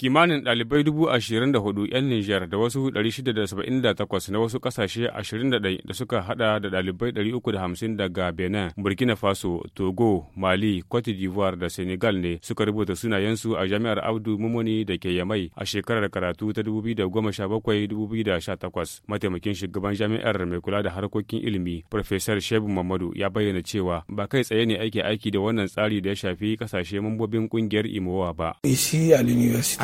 kimanin ɗalibai dubu ashirin da hudu 'yan Nijar da wasu 678 na wasu ƙasashe 21 da suka hada da ɗalibai 350 daga Benin, Burkina Faso, Togo, Mali, Cote d'Ivoire da Senegal ne suka rubuta sunayensu a Jami'ar Abdu Mumuni da ke Yamai a shekarar karatu ta 2017-2018. Mataimakin shugaban jami'ar mai kula da harkokin ilimi, Professor Shebu Mamadu ya bayyana cewa ba kai tsaye ne ake aiki da wannan tsari da ya shafi ƙasashe mambobin ƙungiyar Imowa ba.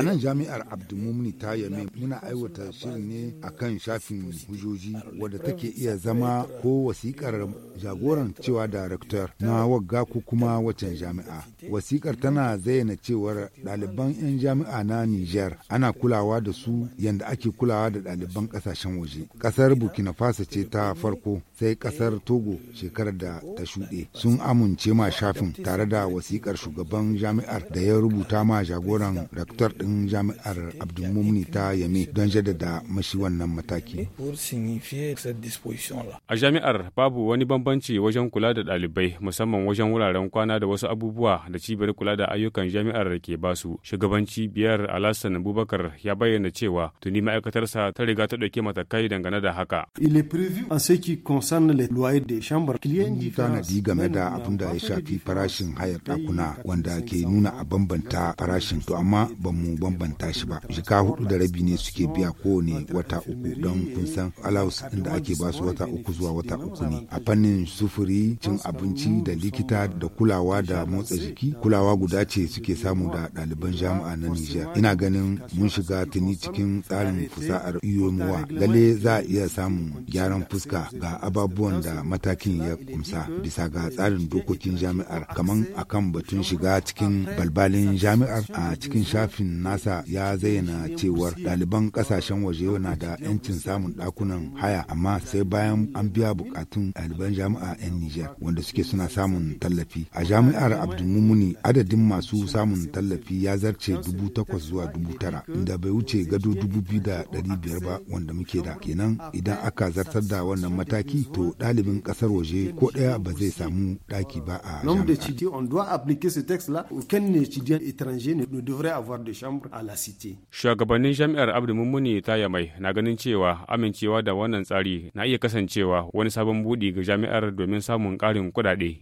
nan jami'ar Abdulmumni ta Yame muna aiwata shirin ne akan shafin hujoji wadda take iya zama ko wasikar jagoran cewa daraktar na wagga ko kuma waccan jami'a. Wasikar tana zayyana cewar ɗaliban 'yan jami'a na Niger ana kulawa da su yadda ake kulawa da ɗaliban ƙasashen waje. Ƙasar Burkina Faso ce ta farko sai ƙasar Togo shekarar da ta shuɗe sun amince ma shafin tare da wasikar shugaban jami'ar da ya rubuta ma jagoran rektor ɗin jami'ar Abdulmumni ta yami don jaddada mashi wannan mataki. A jami'ar babu wani bambanci wajen kula da ɗalibai musamman wajen wuraren kwana da wasu abubuwa da cibiyar kula da ayyukan jami'ar ke basu. Shugabanci biyar Alassan Abubakar ya bayyana cewa tuni ma'aikatarsa ta riga ta ɗauki matakai dangane da haka. Il est prévu en ce qui concerne les loyers des chambres. tanadi game da abin da ya shafi farashin hayar ɗakuna wanda ke nuna a bambanta farashin to amma ba mu bambanta shi ba jika hudu da rabi ne suke biya kowane wata uku don kun san allowance inda ake ba su wata uku zuwa wata uku ne a fannin sufuri cin abinci da likita da kulawa da motsa jiki kulawa guda ce suke samu da ɗaliban jami'a na Nijar ina ganin mun shiga tuni cikin tsarin fusa'ar iyomuwa lalle za a iya samun gyaran fuska ga ababuwan da matakin ya kumsa bisa ga tsarin dokokin jami'ar kamar akan batun shiga cikin balbalin jami'ar a cikin shafin na nasa ya zayyana cewar ɗaliban ƙasashen waje na da 'yancin samun ɗakunan haya amma sai bayan an biya bukatun ɗaliban jami'a 'yan Nijar wanda suke suna samun tallafi. A jami'ar Abdulmumuni adadin masu samun tallafi ya zarce dubu takwas zuwa dubu tara inda bai wuce gado dubu biyu da ɗari biyar ba wanda muke da kenan idan aka zartar da wannan mataki to ɗalibin ƙasar waje ko ɗaya ba zai samu ɗaki ba a jami'ar. Nombre d'étudiants, on doit appliquer ne devrait avoir de chambre à la Shugabannin jami'ar Abdu Mummuni Taya Mai na ganin cewa amincewa da wannan tsari na iya kasancewa wani sabon budi ga jami'ar domin samun karin kuɗaɗe.